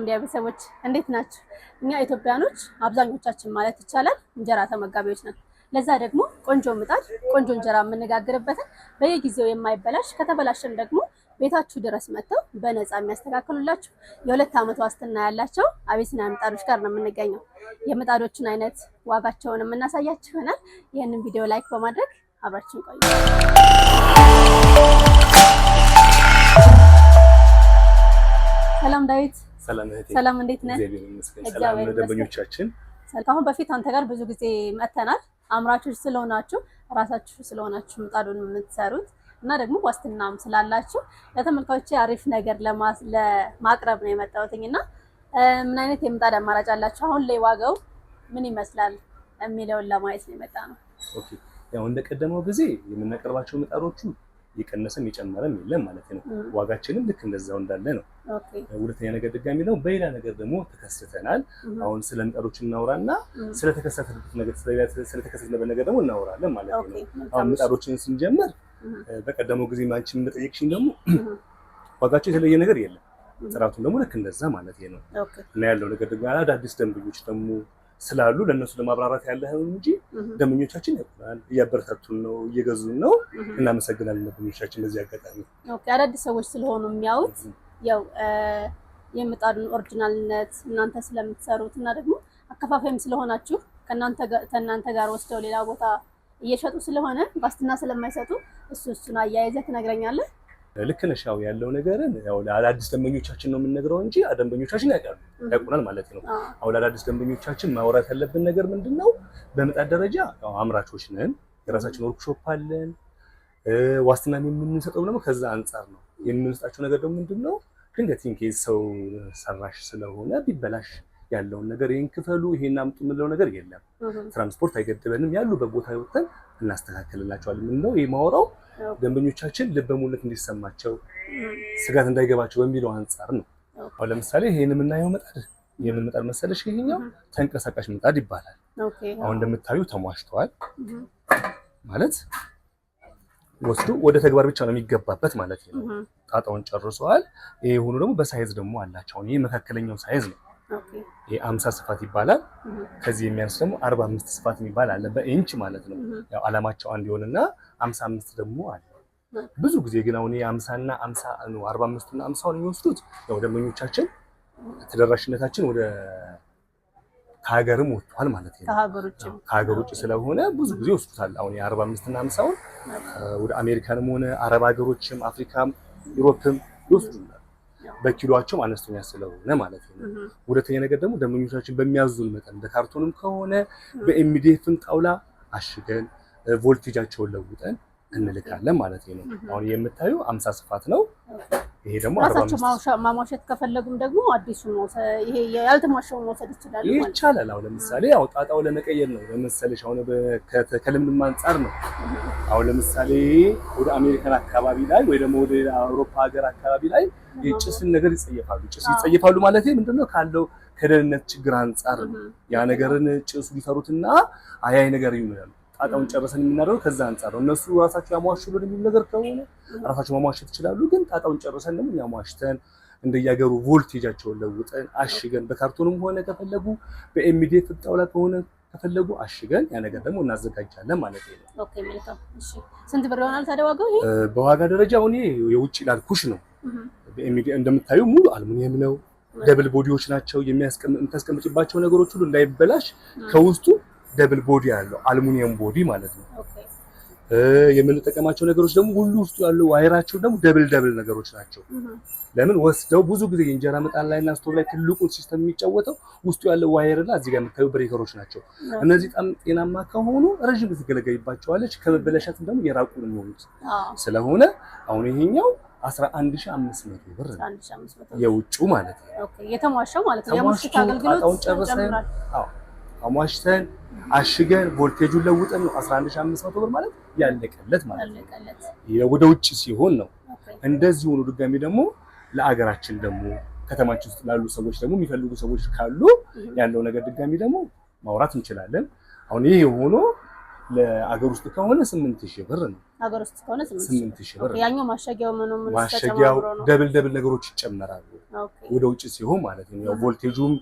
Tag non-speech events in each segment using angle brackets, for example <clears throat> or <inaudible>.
መልካም ቤተሰቦች እንዴት ናችሁ እኛ ኢትዮጵያኖች አብዛኞቻችን ማለት ይቻላል እንጀራ ተመጋቢዎች ነን። ለዛ ደግሞ ቆንጆ ምጣድ ቆንጆ እንጀራ የምንጋግርበትን በየጊዜው የማይበላሽ ከተበላሸም ደግሞ ቤታችሁ ድረስ መጥተው በነፃ የሚያስተካክሉላችሁ የሁለት ዓመት ዋስትና ያላቸው አቤሲና ምጣዶች ጋር ነው የምንገኘው። የምጣዶችን አይነት ዋጋቸውን የምናሳያችሁ ይሆናል። ይህንን ቪዲዮ ላይክ በማድረግ አብራችን ቆዩ። ሰላም ዳዊት ሰላም እህቴ፣ ሰላም እንዴት ነህ? እግዚአብሔር ይመስገን። ሰላም ደንበኞቻችን። ከአሁን በፊት አንተ ጋር ብዙ ጊዜ መጥተናል። አምራቾች ስለሆናችሁ ራሳችሁ ስለሆናችሁ ምጣዱን የምትሰሩት እና ደግሞ ዋስትናም ስላላችሁ ለተመልካቾች አሪፍ ነገር ለማቅረብ ነው የመጣሁትኝ እና ምን አይነት የምጣድ አማራጭ አላችሁ? አሁን ላይ ዋጋው ምን ይመስላል የሚለውን ለማየት ነው የመጣ ነው። ያው እንደቀደመው ጊዜ የምናቀርባቸው ምጣዶቹ የቀነሰም የጨመረም የለም ማለት ነው። ዋጋችንም ልክ እንደዛው እንዳለ ነው። ሁለተኛ ነገር ድጋሚ ነው በሌላ ነገር ደግሞ ተከስተናል። አሁን ስለ ምጣዶች እናውራና ስለተከሰተበት ነገር ስለተከሰተበት ነገር ደግሞ እናውራለን ማለት ነው። አሁን ምጣዶችን ስንጀምር በቀደመው ጊዜ ማንችን በጠየቅሽኝ ደግሞ <clears throat> ዋጋቸው የተለየ ነገር የለም። ጥራቱን ደግሞ ልክ እንደዛ ማለት ነው እና ያለው ነገር ደግሞ አዳዲስ ደንበኞች ደግሞ ስላሉ ለእነሱ ለማብራራት ያለህን እንጂ ደንበኞቻችን ያውቁናል፣ እያበረታቱን ነው፣ እየገዙን ነው። እናመሰግናለን ደንበኞቻችን። በዚህ አጋጣሚ አዳዲስ ሰዎች ስለሆኑ የሚያዩት ያው የምጣዱን ኦሪጂናልነት እናንተ ስለምትሰሩት እና ደግሞ አከፋፋይም ስለሆናችሁ ከእናንተ ጋር ወስደው ሌላ ቦታ እየሸጡ ስለሆነ ዋስትና ስለማይሰጡ እሱ እሱን አያይዘህ ትነግረኛለህ። ልክ ነሽ። ያው ያለው ነገርን ያው ለአዳዲስ ደንበኞቻችን ነው የምንነግረው እንጂ ደንበኞቻችን ያውቃሉ ያውቁናል ማለት ነው። አሁን ለአዳዲስ ደንበኞቻችን ማውራት ያለብን ነገር ምንድን ነው? በምጣድ ደረጃ አምራቾች ነን፣ የራሳችን ወርክሾፕ አለን። ዋስትናን የምንሰጠው ደግሞ ከዛ አንጻር ነው። የምንሰጣቸው ነገር ደግሞ ምንድን ነው? ድንገት ኢንኬዝ ሰው ሰራሽ ስለሆነ ቢበላሽ ያለውን ነገር ይህን ክፈሉ፣ ይሄን አምጡ የምንለው ነገር የለም። ትራንስፖርት አይገድበንም። ያሉ በቦታ ወጥተን እናስተካከልላቸዋል የምንለው ይህ ደንበኞቻችን ልበሙነት እንዲሰማቸው ስጋት እንዳይገባቸው በሚለው አንጻር ነው። አሁን ለምሳሌ ይሄን የምናየው ምጣድ የምን ምጣድ መሰለሽ? ይሄኛው ተንቀሳቃሽ ምጣድ ይባላል። አሁን እንደምታዩ ተሟሽተዋል ማለት ወስዶ ወደ ተግባር ብቻ ነው የሚገባበት ማለት ነው። ጣጣውን ጨርሰዋል። ይሄ ሆኖ ደግሞ በሳይዝ ደግሞ አላቸው። ይሄ መካከለኛው ሳይዝ ነው። የአምሳ ስፋት ይባላል። ከዚህ የሚያንስ ደግሞ አርባ አምስት ስፋት የሚባል አለ፣ በኢንች ማለት ነው። ያው አላማቸው አንድ ይሆንና አምሳ አምስት ደግሞ አለ። ብዙ ጊዜ ግን አሁን የአምሳና አምሳ አርባ አምስቱና አምሳውን የሚወስዱት ያው ደንበኞቻችን ተደራሽነታችን ወደ ከሀገርም ወጥቷል ማለት ነው። ከሀገር ውጭ ስለሆነ ብዙ ጊዜ ይወስዱታል። አሁን የአርባ አምስትና አምሳውን ወደ አሜሪካንም ሆነ አረብ ሀገሮችም አፍሪካም ዩሮፕም ይወስዱታል። በኪሎአቸው አነስተኛ ስለሆነ ማለት ነው። ሁለተኛ ነገር ደግሞ ደንበኞቻችን በሚያዙን መጠን በካርቶንም ከሆነ በኤምዲኤፍም ጣውላ አሽገን ቮልቴጃቸውን ለውጠን እንልካለን ማለት ነው። አሁን የምታዩ አምሳ ስፋት ነው። ይሄ ደግሞ ራሳቸው ማሟሸት ከፈለጉም ደግሞ አዲሱን መውሰድ ይሄ ያልተሟሸውን መውሰድ ይቻላል። አሁን ለምሳሌ ያው ጣጣው ለመቀየር ነው ለመሰለሽ አሁን ከልምድም አንጻር ነው። አሁን ለምሳሌ ወደ አሜሪካን አካባቢ ላይ ወይ ደግሞ ወደ አውሮፓ ሀገር አካባቢ ላይ የጭስን ነገር ይጸየፋሉ። ጭስ ይጸየፋሉ ማለት ምንድነው ካለው ከደህንነት ችግር አንጻር ያ ነገርን ጭሱ ሊፈሩትና አያይ ነገር አቅም ጨርሰን የምናደርገው ከዛ አንጻር ነው። እነሱ ራሳቸው ያሟሽሉን የሚል ነገር ከሆነ ራሳቸው ማሟሸት ይችላሉ። ግን አቅም ጨርሰን ደግሞ ያሟሽተን እንደያገሩ ቮልቴጃቸውን ለውጠን አሽገን በካርቶንም ሆነ ከፈለጉ በኤምዲኤፍ ጣውላ ከሆነ ከፈለጉ አሽገን ያ ነገር ደግሞ እናዘጋጃለን ማለት ነው። ኦኬ መልካም። ስንት ብር ይሆናል ታዲያ ዋጋው? ይሄ በዋጋ ደረጃ አሁን ይሄ የውጭ ላልኩሽ ነው። በኤምዲኤፍ እንደምታዩ ሙሉ አልሙኒየም ነው። ደብል ቦዲዎች ናቸው። የሚያስቀምጥ የምታስቀምጭባቸው ነገሮች ሁሉ እንዳይበላሽ ከውስጡ ደብል ቦዲ ያለው አልሙኒየም ቦዲ ማለት ነው። የምንጠቀማቸው ነገሮች ደግሞ ሁሉ ውስጡ ያለው ዋይራቸው ደግሞ ደብል ደብል ነገሮች ናቸው። ለምን ወስደው ብዙ ጊዜ የእንጀራ ምጣድ ላይ እና ስቶቭ ላይ ትልቁን ሲስተም የሚጫወተው ውስጡ ያለው ዋይር እና እዚህ ጋር የምታዩ ብሬከሮች ናቸው። እነዚህ በጣም ጤናማ ከሆኑ ረዥም ጊዜ ትገለገልባቸዋለች። ከመበለሻትም ደግሞ የራቁ የሚሆኑት ስለሆነ አሁን ይሄኛው 11500 ብር የውጩ ማለት ነው። የተሟሸው ማለት ነው። አሟሽተን አሽገን ቮልቴጁን ለውጠን ነው 11500 ብር ማለት ያለቀለት ማለት ነው። ወደ ውጭ ሲሆን ነው። እንደዚህ ሆኖ ድጋሚ ደግሞ ለአገራችን ደግሞ ከተማችን ውስጥ ላሉ ሰዎች ደግሞ የሚፈልጉ ሰዎች ካሉ ያለው ነገር ድጋሚ ደግሞ ማውራት እንችላለን። አሁን ይሄ ሆኖ ለአገር ውስጥ ከሆነ 8000 ብር ነው። አገር ውስጥ ከሆነ 8000 ብር ያኛው ማሸጊያው ምን ምኑ ማሸጊያው ደብል ደብል ነገሮች ይጨመራሉ። ወደ ውጭ ሲሆን ማለት ነው ያው ቮልቴጁም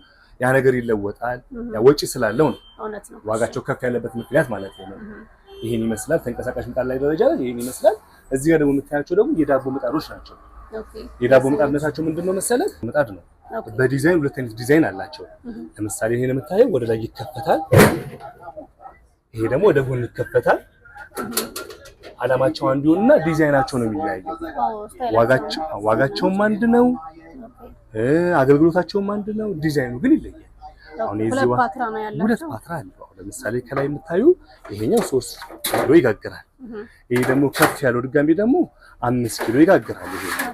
ያ ነገር ይለወጣል። ያ ወጪ ስላለው ነው ዋጋቸው ከፍ ያለበት ምክንያት ማለት ነው። ይሄን ይመስላል ተንቀሳቃሽ ምጣድ ላይ ደረጃ ላይ ይሄን ይመስላል። እዚህ ጋር ደግሞ የምታያቸው ደግሞ የዳቦ ምጣዶች ናቸው። የዳቦ ምጣድነታቸው ምንድን ነው መሰለ ምጣድ ነው። በዲዛይን ሁለት አይነት ዲዛይን አላቸው። ለምሳሌ ይሄን የምታየው ወደ ላይ ይከፈታል፣ ይሄ ደግሞ ወደ ጎን ይከፈታል። አላማቸው አንዱ ይሆንና ዲዛይናቸው ነው የሚለያየው። ዋጋቸው ዋጋቸውም አንድ ነው። አገልግሎታቸውም አንድ ነው። ዲዛይኑ ግን ይለያል። ሁለት ፓትራ ነው ያለው። ሁለት ፓትራ አለው። ለምሳሌ ከላይ የምታዩ ይሄኛው ሶስት ኪሎ ይጋግራል። ይሄ ደግሞ ከፍ ያለው ድጋሚ ደግሞ አምስት ኪሎ ይጋግራል። ይሄ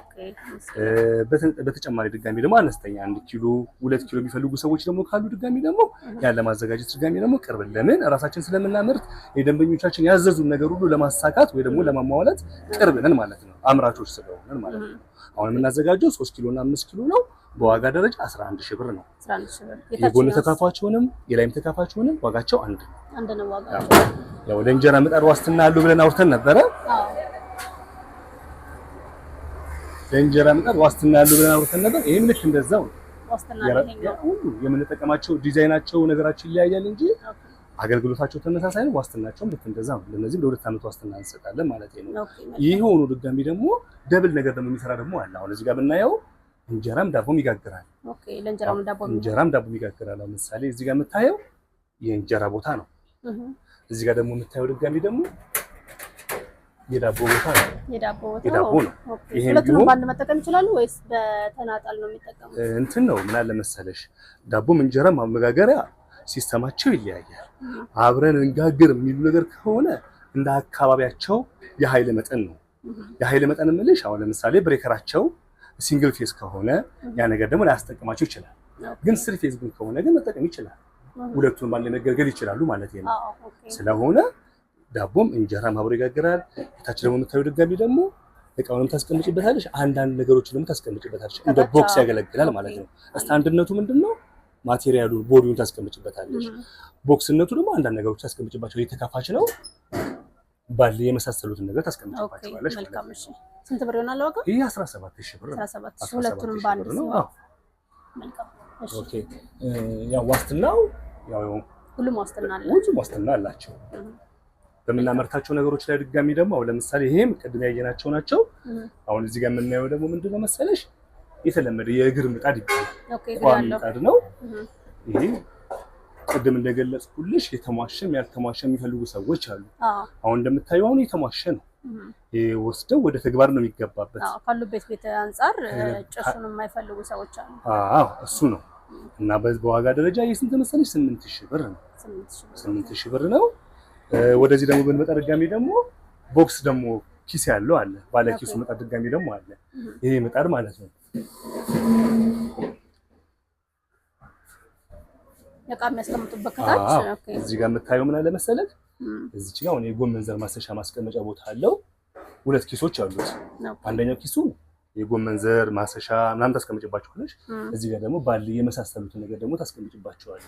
በተጨማሪ ድጋሚ ደግሞ አነስተኛ አንድ ኪሎ ሁለት ኪሎ የሚፈልጉ ሰዎች ደግሞ ካሉ ድጋሚ ደግሞ ያን ለማዘጋጀት ድጋሚ ደግሞ ቅርብ ለምን ራሳችን ስለምናመርት የደንበኞቻችን ያዘዙን ነገር ሁሉ ለማሳካት ወይ ደግሞ ለማሟላት ቅርብ ነን ማለት ነው። አምራቾች ስለሆነን ማለት ነው። አሁን የምናዘጋጀው ሶስት ኪሎ እና አምስት ኪሎ ነው። በዋጋ ደረጃ 11 ሺህ ብር ነው። የጎን ተካፋችሁንም የላይም ተካፋችሁንም ዋጋቸው አንድ ነው። ያው ለእንጀራ ምጣድ ዋስትና አሉ ብለን አውርተን ነበረ። ለእንጀራ ምጣድ ዋስትና አሉ ብለን አውርተን ነበር። ይሄም ልክ እንደዛው የምንጠቀማቸው ዲዛይናቸው ነገራቸው ይለያያል እንጂ አገልግሎታቸው ተመሳሳይ ነው። ዋስትናቸውም ልክ እንደዛ ነው። ለነዚህም ለሁለት ዓመት ዋስትና እንሰጣለን ማለት ነው። ይህ ሆኖ ድጋሚ ደግሞ ደብል ነገር ደግሞ የሚሰራ ደግሞ አለ። አሁን እዚህ ጋር ብናየው እንጀራም ዳቦም ይጋግራል። እንጀራም ዳቦም ይጋግራል። ለምሳሌ እዚህ ጋር የምታየው የእንጀራ ቦታ ነው። እዚህ ጋር ደግሞ የምታየው ድጋሚ ደግሞ የዳቦ ቦታ ነው። የዳቦ ነው። ይሄም ቢሆን ባንድ መጠቀም ይችላሉ ወይስ በተናጠል ነው የሚጠቀሙት? እንትን ነው ምን አለ መሰለሽ ዳቦም እንጀራም ማመጋገሪያ ሲስተማቸው ይለያያል። አብረን እንጋግር የሚሉ ነገር ከሆነ እንደ አካባቢያቸው የኃይል መጠን ነው። የኃይል መጠን የምልሽ አሁን ለምሳሌ ብሬከራቸው ሲንግል ፌዝ ከሆነ ያ ነገር ደግሞ ላያስጠቅማቸው ይችላል። ግን ስሪ ፌዝ ግን ከሆነ ግን መጠቀም ይችላል። ሁለቱን ባለ መገልገል ይችላሉ ማለት ነው። ስለሆነ ዳቦም እንጀራም አብሮ ይጋግራል። የታች ደግሞ የምታዩ ድጋሚ ደግሞ እቃውንም ታስቀምጭበታለች አንዳንድ ነገሮች ደግሞ ታስቀምጭበታለች እንደ ቦክስ ያገለግላል ማለት ነው። እስቲ ምንድን ነው? ማቴሪያሉን ቦዲውን ታስቀምጭበታለሽ። ቦክስነቱ ደግሞ አንዳንድ ነገሮች ታስቀምጭባቸው። የተከፋች ነው ባለ የመሳሰሉትን ነገር ታስቀምጭባቸዋለሽ ማለት ነው። ስንት ብር ይሆናል ዋጋው? ይሄ 17 ሺህ ብር ነው። ሁለቱንም በአንድ ነው። አዎ መልካም። ኦኬ ያው ዋስትናው ያው ሁሉም ዋስትና አለ። ሁሉም ዋስትና አላቸው በምናመርታቸው ነገሮች ላይ ድጋሚ ደግሞ አሁን ለምሳሌ ይሄም ቅድም ያየናቸው ናቸው። አሁን እዚህ ጋር የምናየው ደግሞ ምንድን ነው መሰለሽ የተለመደ የእግር ምጣድ ይባላል። ቋሚ ምጣድ ነው ይሄ። ቅድም እንደገለጽኩልሽ የተሟሸም ያልተሟሸ የሚፈልጉ ሰዎች አሉ። አሁን እንደምታየው አሁን የተሟሸ ነው ወስደው ወደ ተግባር ነው የሚገባበት። ካሉበት ቤት አንጻር ጭሱን የማይፈልጉ ሰዎች አሉ። እሱ ነው እና በዋጋ ደረጃ የስንት መሰለሽ? ስምንት ሺህ ብር ነው። ስምንት ሺህ ብር ነው። ወደዚህ ደግሞ ብንመጣ ድጋሚ ደግሞ ቦክስ ደግሞ ኪስ ያለው አለ። ባለ ኪሱ መጣ ድጋሚ ደግሞ አለ። ይሄ ምጣድ ማለት ነው። እቃ የሚያስቀምጡበት ከታች እዚህ ጋር የምታየው ምን አለ መሰለህ እዚች ጋር የጎመን ዘር ማሰሻ ማስቀመጫ ቦታ አለው። ሁለት ኪሶች አሉት። አንደኛው ኪሱ የጎመን ዘር ማሰሻ ምናምን ታስቀምጭባቸዋለሽ። እዚህ ጋር ደግሞ ባል የመሳሰሉትን ነገር ደግሞ ታስቀምጭባቸዋለሽ።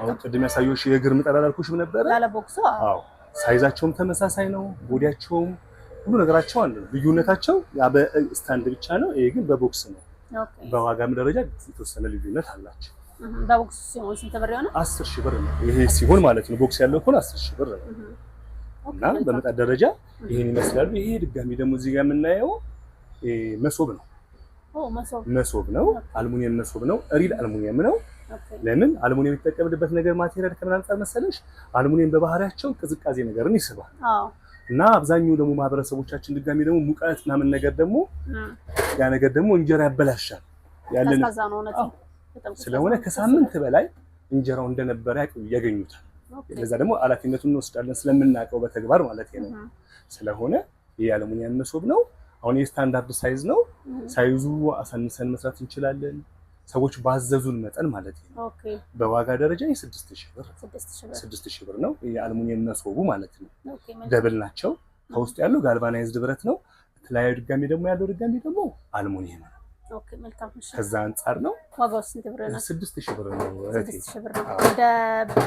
አሁን ቅድም ያሳየሁሽ የእግር ምጣድ አላልኩሽም ነበረ? አዎ፣ ሳይዛቸውም ተመሳሳይ ነው። ቦዲያቸውም ሁሉ ነገራቸው አንድ ነው። ልዩነታቸው በስታንድ ብቻ ነው። ይሄ ግን በቦክስ ነው። በዋጋም ደረጃ የተወሰነ ልዩነት አላቸው። በቦክስ ሲሆን ስንት ብር ይሆናል? አስር ሺህ ብር ነው ይሄ ሲሆን ማለት ነው። ቦክስ ያለው ከሆነ አስር ሺህ ብር እና በመጣት ደረጃ ይሄን ይመስላሉ። ይሄ ድጋሚ ደግሞ እዚህ ጋር የምናየው መሶብ ነው። መሶብ ነው። አልሙኒየም መሶብ ነው። ሪል አልሙኒየም ነው። ለምን አልሙኒየም የተጠቀምንበት ነገር ማቴሪያል ከምን አንጻር መሰለሽ? አልሙኒየም በባህሪያቸው ቅዝቃዜ ነገርን ይስባል እና አብዛኛው ደግሞ ማህበረሰቦቻችን ድጋሚ ደግሞ ሙቀት ምናምን ነገር ደግሞ ያ ነገር ደግሞ እንጀራ ያበላሻል ያለን ስለሆነ ከሳምንት በላይ እንጀራው እንደነበረ ያገኙታል። ለዛ ደግሞ ኃላፊነቱን እንወስዳለን ስለምናውቀው በተግባር ማለት ነው። ስለሆነ የያለሙኒያ መሶብ ነው። አሁን የስታንዳርድ ሳይዝ ነው። ሳይዙ አሳንሰን መስራት እንችላለን ሰዎች ባዘዙን መጠን ማለት ነው። በዋጋ ደረጃ የስድስት ሺህ ብር ስድስት ሺህ ብር ነው የአልሙኒየም መሶቡ ማለት ነው። ደብል ናቸው። ከውስጡ ያለው ጋልቫናይዝድ ብረት ነው። የተለያዩ ድጋሚ ደግሞ ያለው ድጋሚ ደግሞ አልሙኒየም ነው። ከዛ አንጻር ነው ዋጋው ስንት ብር ነው? ስድስት ሺህ ብር ነው። ወደ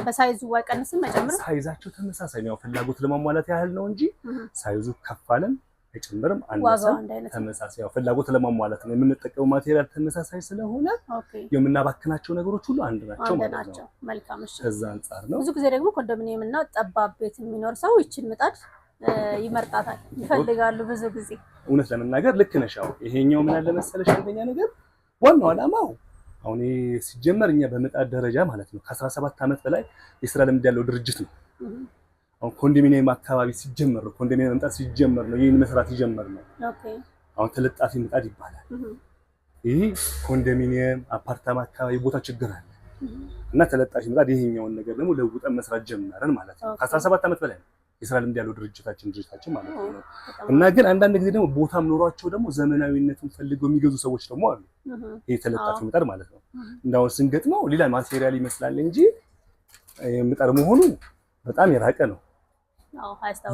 በሳይዙ አይቀንስም አይጨምርም። ሳይዛቸው ተመሳሳይ ነው፣ ፍላጎት ለማሟላት ያህል ነው እንጂ ሳይዙ ከፍ አለም አይጨምርም፣ አነሰም ተመሳሳይ ፍላጎት ለማሟላት ነው። የምንጠቀመው ማቴሪያል ተመሳሳይ ስለሆነ የምናባክናቸው ነገሮች ሁሉ አንድ ናቸው ማለት ነው። ከዛ አንጻር ነው ብዙ ጊዜ ደግሞ ኮንዶሚኒየም እና ጠባብ ቤት የሚኖር ሰው ይችን ምጣድ ይመርጣታል፣ ይፈልጋሉ ብዙ ጊዜ። እውነት ለመናገር ልክ ነሽ። አሁን ይሄኛው ምን አለ መሰለሽ፣ አንደኛ ነገር ዋናው ዓላማው አሁን ሲጀመር እኛ በምጣድ ደረጃ ማለት ነው ከ17 ዓመት በላይ የስራ ልምድ ያለው ድርጅት ነው። አሁን ኮንዶሚኒየም አካባቢ ሲጀመር ነው ኮንዶሚኒየም መምጣት ሲጀመር ነው ይህን መስራት ሲጀመር ነው። አሁን ተለጣፊ ምጣድ ይባላል። ይህ ኮንዶሚኒየም አፓርታማ አካባቢ ቦታ ችግር አለ እና ተለጣፊ ምጣድ ይሄኛውን ነገር ደግሞ ለውጠን መስራት ጀመረን ማለት ነው ከ17 ዓመት በላይ ነው የስራ ልምድ ያለው ድርጅታችን ድርጅታችን ማለት ነው። እና ግን አንዳንድ ጊዜ ደግሞ ቦታም ኖሯቸው ደግሞ ዘመናዊነትን ፈልገው የሚገዙ ሰዎች ደግሞ አሉ። ይህ የተለጣፊ ምጣድ ማለት ነው። እንዳሁን ስንገጥመው ሌላ ማቴሪያል ይመስላል እንጂ ምጣድ መሆኑ በጣም የራቀ ነው።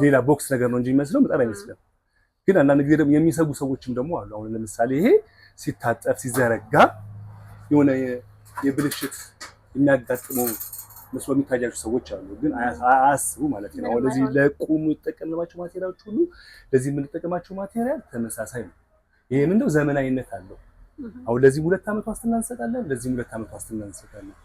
ሌላ ቦክስ ነገር ነው እንጂ የሚመስለው ምጣድ አይመስልም። ግን አንዳንድ ጊዜ ደግሞ የሚሰጉ ሰዎችም ደግሞ አሉ። አሁን ለምሳሌ ይሄ ሲታጠፍ ሲዘረጋ የሆነ የብልሽት የሚያጋጥመው መስሎ የሚታያቸው ሰዎች አሉ፣ ግን አያስቡ ማለት ነው። ወደዚህ ለቁም የምንጠቀምባቸው ማቴሪያሎች ሁሉ ለዚህ የምንጠቀማቸው ማቴሪያል ተመሳሳይ ነው። ይህ እንደው ዘመናዊነት አለው። አሁን ለዚህም ሁለት ዓመት ዋስትና እንሰጣለን፣ ለዚህም ሁለት ዓመት ዋስትና እንሰጣለን።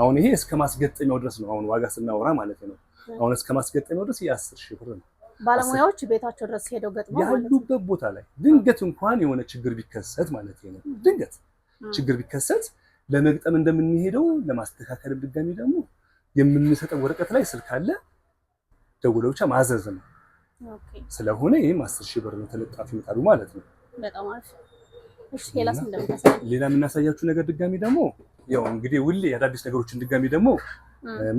አሁን ይሄ እስከ ማስገጠሚያው ድረስ ነው። አሁን ዋጋ ስናወራ ማለት ነው። አሁን እስከ ማስገጠሚያው ድረስ ይሄ ሺህ ብር ነው። ባለሙያዎች ቤታቸው ድረስ ሄደው ገጥመው ያሉበት ቦታ ላይ ድንገት እንኳን የሆነ ችግር ቢከሰት ማለት ነው ድንገት ችግር ቢከሰት ለመግጠም እንደምንሄደው ለማስተካከል ድጋሚ ደግሞ የምንሰጠው ወረቀት ላይ ስልክ አለ፣ ደውለው ብቻ ማዘዝ ነው። ስለሆነ ይህም አስር ሺህ ብር ነው ተለጣፊ ይመጣሉ ማለት ነው። ሌላ የምናሳያችሁ ነገር ድጋሚ ደግሞ ያው እንግዲህ ሁሌ የአዳዲስ ነገሮችን ድጋሚ ደግሞ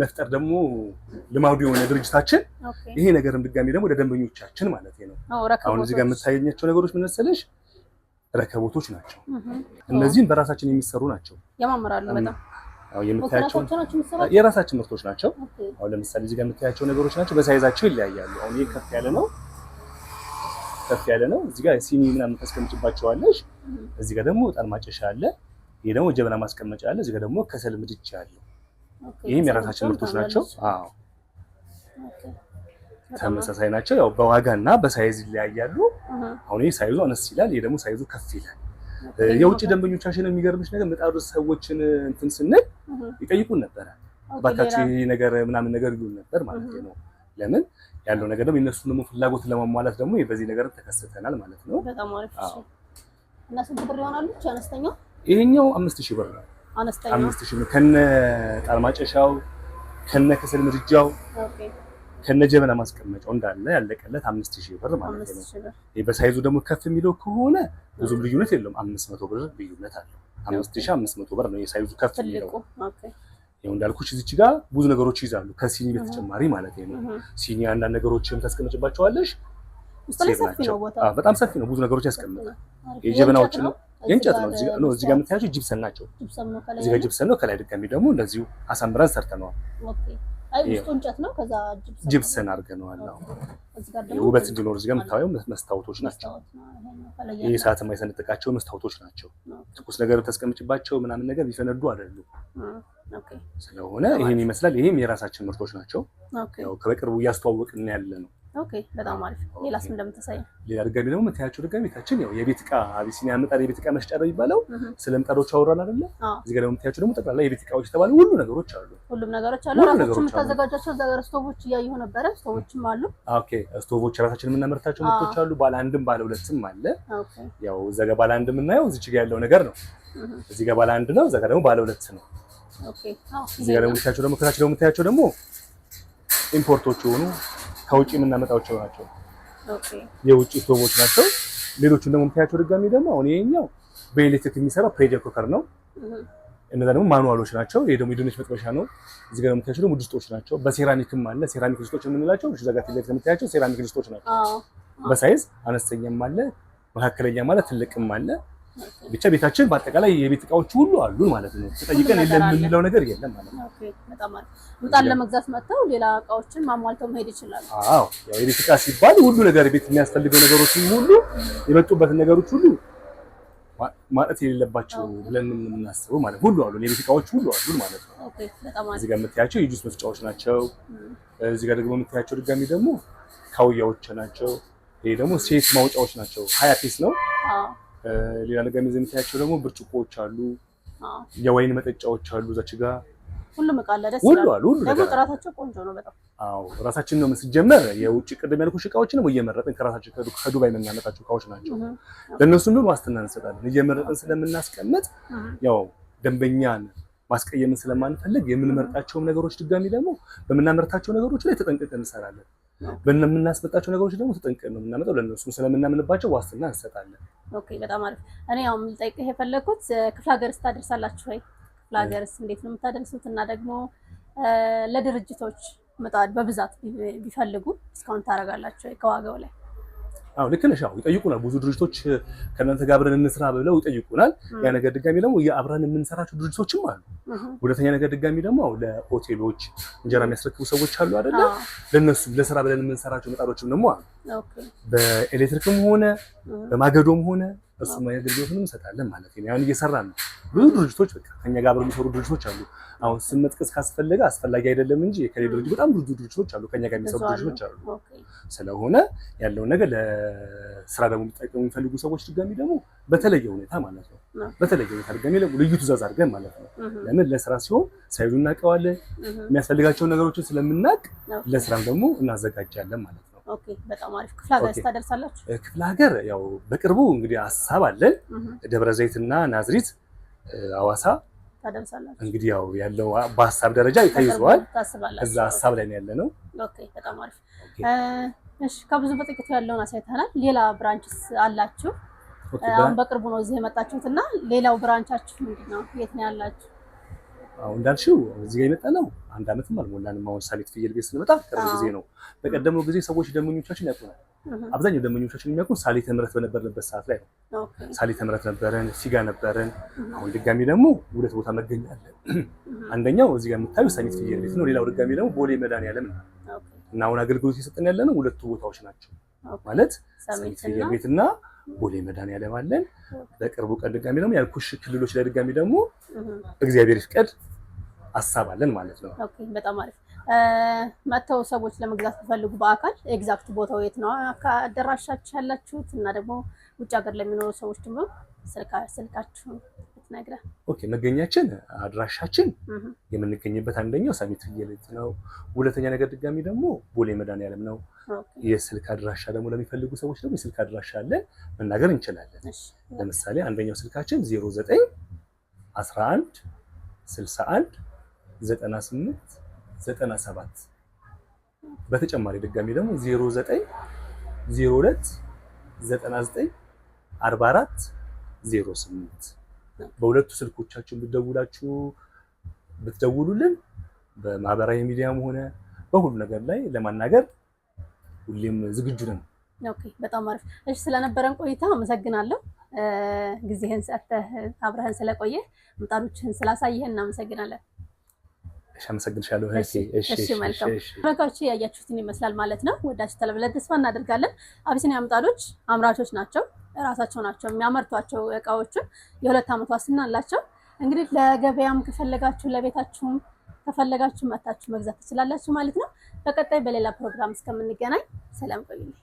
መፍጠር ደግሞ ልማዱ የሆነ ድርጅታችን ይሄ ነገርም ድጋሚ ደግሞ ለደንበኞቻችን ማለት ነው። አሁን እዚህ ጋር የምታገኛቸው ነገሮች ምን መሰለሽ ረከቦቶች ናቸው። እነዚህም በራሳችን የሚሰሩ ናቸው። ያማምራሉ በጣም የራሳችን ምርቶች ናቸው። አሁን ለምሳሌ እዚህ ጋር የምታያቸው ነገሮች ናቸው። በሳይዛቸው ይለያያሉ። አሁን ይሄ ከፍ ያለ ነው፣ ከፍ ያለ ነው። እዚህ ጋር ሲኒ ምናምን ታስቀምጭባቸዋለሽ። እዚህ ጋር ደግሞ ጣል ማጨሻ አለ። ይሄ ደግሞ ጀበና ማስቀመጫ አለ። እዚህ ጋር ደግሞ ከሰል ምድጃ አለ። ይህም የራሳችን ምርቶች ናቸው። አዎ ተመሳሳይ ናቸው። ያው በዋጋና በሳይዝ ይለያያሉ። አሁን ይሄ ሳይዙ አነስ ይላል፣ ይሄ ደግሞ ሳይዙ ከፍ ይላል። የውጭ ደንበኞቻችን የሚገርምሽ ነገር ምጣዱ ሰዎችን እንትን ስንል ይጠይቁን ነበረ። እባካችሁ ነገር ምናምን ነገር ይሉን ነበር ማለት ነው። ለምን ያለው ነገር ደግሞ የነሱን ደግሞ ፍላጎት ለማሟላት ደግሞ በዚህ ነገር ተከስተናል ማለት ነው። በጣም አሪፍ እሺ። እና ስንት ብር ይሆናሉ? አነስተኛው ይሄኛው አምስት ሺህ ብር ነው። አምስት ሺህ ብር ከነ ጣልማጨሻው ከነ ከሰል ምድጃው ኦኬ ከነጀበና ማስቀመጫው እንዳለ ያለቀለት አምስት ሺህ ብር ማለት ነው። በሳይዙ ደግሞ ከፍ የሚለው ከሆነ ብዙም ልዩነት የለውም። አምስት መቶ ብር ልዩነት አለው። አምስት ሺህ አምስት መቶ ብር ነው የሳይዙ ከፍ የሚለው። ያው እንዳልኩሽ እዚች ጋር ብዙ ነገሮች ይዛሉ ከሲኒ በተጨማሪ ማለት ነው። ሲኒ አንዳንድ ነገሮችም ታስቀምጭባቸዋለሽ። በጣም ሰፊ ነው፣ ብዙ ነገሮች ያስቀምጣል። የጀበናዎች ነው የእንጨት ነው። እዚህ ጋር የምታያቸው ጅብሰን ናቸው። እዚህ ጋር ጅብሰን ነው። ከላይ ድጋሚ ደግሞ እንደዚሁ አሳምረን ሰርተነዋል። ውስጡ እንጨት ነው። ከዛ ጅብሰን አድርገነዋል። ውበት እንዲኖር እዚህ ጋር የምታየው መስታወቶች ናቸው። ይህ ሰዓት የማይሰነጥቃቸው መስታወቶች ናቸው። ትኩስ ነገር ተስቀምጭባቸው ምናምን ነገር ቢፈነዱ አይደሉም ስለሆነ ይህን ይመስላል። ይህም የራሳችን ምርቶች ናቸው። ከበቅርቡ እያስተዋወቅን ያለ ነው። ኦኬ በጣም አሪፍ። ሌላስ እንደምታሳይ ሌላ ድጋሚ ደግሞ የምታያቸው ድጋሚ ታችን ያው የቤት ዕቃ አቢሲኒያ ምጣድ የቤት ዕቃ መሸጫ ነው የሚባለው። ስለ ምጣዶች አወራን አይደለ? እዚህ ጋር ደግሞ የምታያቸው ደግሞ ጠቅላላ የቤት ዕቃዎች የተባሉ ሁሉ ነገሮች አሉ። ሁሉም ነገሮች አሉ። ራሳችን የምታዘጋጃቸው ዘገር ስቶቮች እያየሁ ነበረ። ስቶቮችም አሉ። ኦኬ ስቶቮች ራሳችን የምናመርታቸው ምርቶች አሉ። ባለ አንድም ባለ ሁለትም አለ። ያው እዛ ጋር ባለ አንድ የምናየው እዚህ ጋር ያለው ነገር ነው። እዚህ ጋር ባለ አንድ ነው፣ እዛ ጋር ደግሞ ባለ ሁለት ነው። እዚህ ጋር ደግሞ የምታያቸው ደግሞ ከታች ደግሞ የምታያቸው ደግሞ ኢምፖርቶች የሆኑ ከውጭ የምናመጣቸው ናቸው። የውጭ ስቶቦች ናቸው። ሌሎቹን ደግሞ የምታያቸው ድጋሚ ደግሞ አሁን ይሄኛው በኤሌክትሪክ የሚሰራ ፕሬጀር ኮከር ነው። እነዛ ደግሞ ማኑዋሎች ናቸው። ይሄ ደግሞ የድንች መጥበሻ ነው። እዚህ ጋር የምታያቸው ደግሞ ድስጦች ናቸው። በሴራሚክም አለ። ሴራሚክ ድስጦች የምንላቸው እዛ ጋር ፊት የምታያቸው ሴራሚክ ድስጦች ናቸው። በሳይዝ አነስተኛም አለ፣ መካከለኛም አለ፣ ትልቅም አለ። ብቻ ቤታችን በአጠቃላይ የቤት እቃዎች ሁሉ አሉ ማለት ነው። ተጠይቀን የለም የምንለው ነገር የለም ማለት ነው። ምጣድ ለመግዛት መጥተው ሌላ እቃዎችን ማሟልተው መሄድ ይችላሉ። አዎ የቤት እቃ ሲባል ሁሉ ነገር ቤት የሚያስፈልገው ነገሮች ሁሉ የመጡበትን ነገሮች ሁሉ ማለት የሌለባቸው ብለን የምናስበው ማለት ሁሉ አሉ። የቤት እቃዎች ሁሉ አሉ ማለት ነው። እዚህ ጋር የምታያቸው የጁስ መስጫዎች ናቸው። እዚህ ጋር ደግሞ የምታያቸው ድጋሚ ደግሞ ካውያዎች ናቸው። ይሄ ደግሞ ሴት ማውጫዎች ናቸው። ሀያ ፒስ ነው ሌላ ነገር እነዚህ የምታያቸው ደግሞ ብርጭቆዎች አሉ፣ የወይን መጠጫዎች አሉ። እዛች ጋ ሁሉም እቃ አለ። ሁሉ አሉ። ሁሉ ደግሞ ጥራታቸው ቆንጆ ነው በጣም አዎ። ራሳችን ነው ሲጀመር የውጭ ቅድም ያልኩሽ እቃዎችን ነው እየመረጥን ከራሳችን ከዱባይ የምናመጣቸው እቃዎች ናቸው። ለእነሱም ቢሆን ዋስትና እንሰጣለን እየመረጥን ስለምናስቀምጥ ያው ደንበኛን ማስቀየምን ስለማንፈልግ የምንመርጣቸውም ነገሮች ድጋሚ ደግሞ በምናመርታቸው ነገሮች ላይ ተጠንቅቀን እንሰራለን። በምናስመጣቸው ነገሮች ደግሞ ተጠንቀን ነው የምናመጣው። ለእነሱም ስለምናምንባቸው ዋስትና እንሰጣለን። ኦኬ፣ በጣም አሪፍ። እኔ ያው የምጠይቅህ የፈለግኩት ክፍለ ሀገር ታደርሳላችሁ ወይ? ክፍለ ሀገርስ እንዴት ነው የምታደርሱት? እና ደግሞ ለድርጅቶች ምጣድ በብዛት ቢፈልጉ እስካሁን ታደርጋላችሁ ወይ ከዋጋው ላይ? አሁን ልክ ነሽ። ይጠይቁናል ብዙ ድርጅቶች ከእናንተ ጋር አብረን እንስራ ብለው ይጠይቁናል። ያ ነገር ድጋሚ ደግሞ የአብረን የምንሰራቸው ድርጅቶችም አሉ። ሁለተኛ ነገር ድጋሚ ደግሞ ለሆቴሎች እንጀራ የሚያስረክቡ ሰዎች አሉ አይደለ? ለነሱ ለስራ ብለን የምንሰራቸው ምጣዶችም ደግሞ አሉ። በኤሌክትሪክም ሆነ በማገዶም ሆነ እሱ አገልግሎት እንሰጣለን ማለት ነው። ያን እየሰራን ነው። ብዙ ድርጅቶች በቃ ከኛ ጋር አብረን የሚሰሩ ድርጅቶች አሉ። አሁን ስም መጥቀስ ካስፈለገ አስፈላጊ አይደለም እንጂ የከሌ ድርጅት በጣም ብዙ ድርጅቶች አሉ፣ ከኛ ጋር የሚሰሩ ድርጅቶች አሉ። ስለሆነ ያለውን ነገር ለስራ ደግሞ የሚጠቀሙ የሚፈልጉ ሰዎች ድጋሚ ደግሞ በተለየ ሁኔታ ማለት ነው በተለየ ሁኔታ ድጋሚ ልዩ ትእዛዝ አድርገን ማለት ነው። ለምን ለስራ ሲሆን ሳይዙ እናውቀዋለን፣ የሚያስፈልጋቸውን ነገሮችን ስለምናውቅ ለስራም ደግሞ እናዘጋጃለን ማለት ነው። በጣም አሪፍ። ስታደርሳላችሁ? ክፍለ ሀገር ያው በቅርቡ እንግዲህ ሀሳብ አለን ደብረ ዘይትና ናዝሪት፣ አዋሳ ታደምሳላችሁ። እንግዲህ ያው ያለው በሀሳብ ደረጃ ይታይዘዋል። እዛ ሀሳብ ላይ ያለ ነው። ኦኬ፣ በጣም አሪፍ። እሺ፣ ከብዙ በጥቂቱ ያለውን አሳይተናል። ሌላ ብራንችስ አላችሁ? አሁን በቅርቡ ነው እዚህ የመጣችሁት እና ሌላው ብራንቻችሁ ምንድን ነው? የት ነው ያላችሁ? አሁን እንዳልሽው እዚህ ጋር የመጣ ነው አንድ ዓመትም አልሞላንም። አሁን ሳሚት ፍየል ቤት ስንመጣ ከብዙ ጊዜ ነው። በቀደመው ጊዜ ሰዎች ደመኞቻችን ያውቁናል። አብዛኛው ደመኞቻችን የሚያውቁን ሳሌ ተምረት በነበርንበት ሰዓት ላይ ነው። ሳሌ ተምረት ነበረን፣ ፊጋ ነበረን። አሁን ድጋሚ ደግሞ ሁለት ቦታ መገኛ አለ። አንደኛው እዚህ ጋር የምታዩ ሳሚት ፍየል ቤት ነው። ሌላው ድጋሚ ደግሞ ቦሌ መድኃኒዓለም ነው እና አሁን አገልግሎት እየሰጠን ያለ ነው። ሁለቱ ቦታዎች ናቸው ማለት ሳሚት ፍየል ቤትና ቦሌ መድኃኒዓለም አለን። በቅርቡ ቀን ድጋሚ ደግሞ ያልኩሽ ክልሎች ላይ ድጋሚ ደግሞ እግዚአብሔር ይፍቀድ አሳባለን ማለት ነው። ኦኬ በጣም አሪፍ። መጥተው ሰዎች ለመግዛት ቢፈልጉ በአካል ኤግዛክት ቦታው የት ነው አደራሻችሁ ያላችሁት? እና ደግሞ ውጭ ሀገር ለሚኖሩ ሰዎች ደግሞ ስልካችሁ የምትነግረን? ኦኬ መገኛችን አድራሻችን የምንገኝበት አንደኛው ሰሚት ፍየሌት ነው። ሁለተኛ ነገር ድጋሚ ደግሞ ቦሌ መድኃኒዓለም ነው። የስልክ አድራሻ ደግሞ ለሚፈልጉ ሰዎች ደግሞ የስልክ አድራሻ አለ መናገር እንችላለን። ለምሳሌ አንደኛው ስልካችን 09 11 61 98 97 በተጨማሪ ድጋሚ ደግሞ 09 02 99 44 08 በሁለቱ ስልኮቻችን ብትደውላችሁ ብትደውሉልን በማህበራዊ ሚዲያም ሆነ በሁሉ ነገር ላይ ለማናገር ሁሌም ዝግጁ ነን። ኦኬ፣ በጣም አሪፍ። እሺ፣ ስለነበረን ቆይታ አመሰግናለሁ። ጊዜህን ሰጥተህ አብረህን ስለቆየህ ምጣዶችህን ስላሳየህን እናመሰግናለን። አመሰግንሻለሁ። መልካም ረጋዎቹ ያያችሁትን ይመስላል ማለት ነው። ወዳች ተለብለ ተስፋ እናደርጋለን። አቢሲኒያ ምጣዶች አምራቾች ናቸው። እራሳቸው ናቸው የሚያመርቷቸው እቃዎችን። የሁለት ዓመት ዋስትና አላቸው። እንግዲህ ለገበያም ከፈለጋችሁ ለቤታችሁም ከፈለጋችሁ መታችሁ መግዛት ትችላላችሁ ማለት ነው። በቀጣይ በሌላ ፕሮግራም እስከምንገናኝ ሰላም ቆዩልኝ።